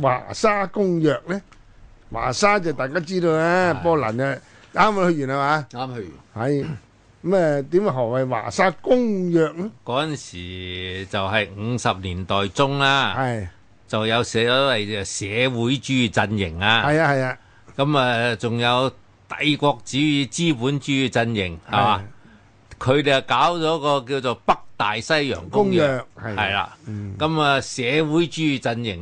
華沙公約呢？華沙就大家知道嘅，的波蘭啊啱去完係嘛？啱去完。係咁啊？點啊？何謂華沙公約咧？嗰陣時就係五十年代中啦，的就有社會主義、社會主義陣營啊，係啊係啊，咁啊仲有帝國主義、資本主義陣營係嘛？佢哋啊搞咗個叫做北大西洋公約，係啦，咁啊社會主義陣營。